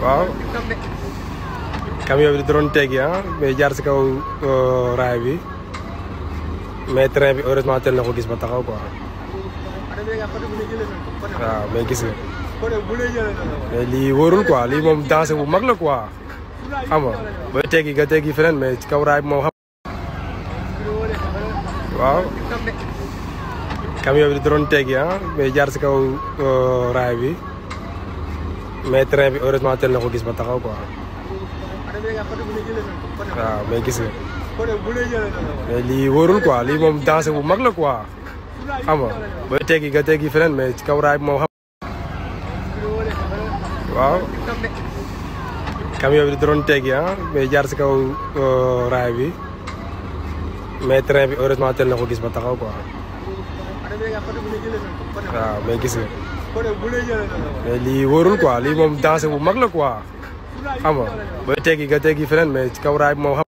waaw camion bi da doon teggi ah mais jaar si kaw euh, raay bi mais train bi heureusement teel na ko gis ba taxaw quoi waaw mais gis nga mais lii wóorul quoi lii moom dansé bu mag la quoi xam nga booy teggi nga teggi feneen mais ci kaw raay bi moom xam waaw camion bi di doon teggi ah mais jaar si kaw euh, raay bi mais train bi heureusement tel na ko gis ba taxaw quoi. waaw mais gis nga. mais lii wóorul quoi lii moom dansé bu mag la quoi xam nga. booy teggi nga teggi feneen mais ci kaw raay bi moom xam waaw. camion bi di doon teggi ah mais jaar si kaw raay bi mais train bi heureusement tel na ko gis ba taxaw quoi. waaw ah, mais gis nga mais lii wóorul quoi lii moom dansé bu mag la quoi xam nga booy teggi nga teggi feneen mais ci kaw raay bi moom.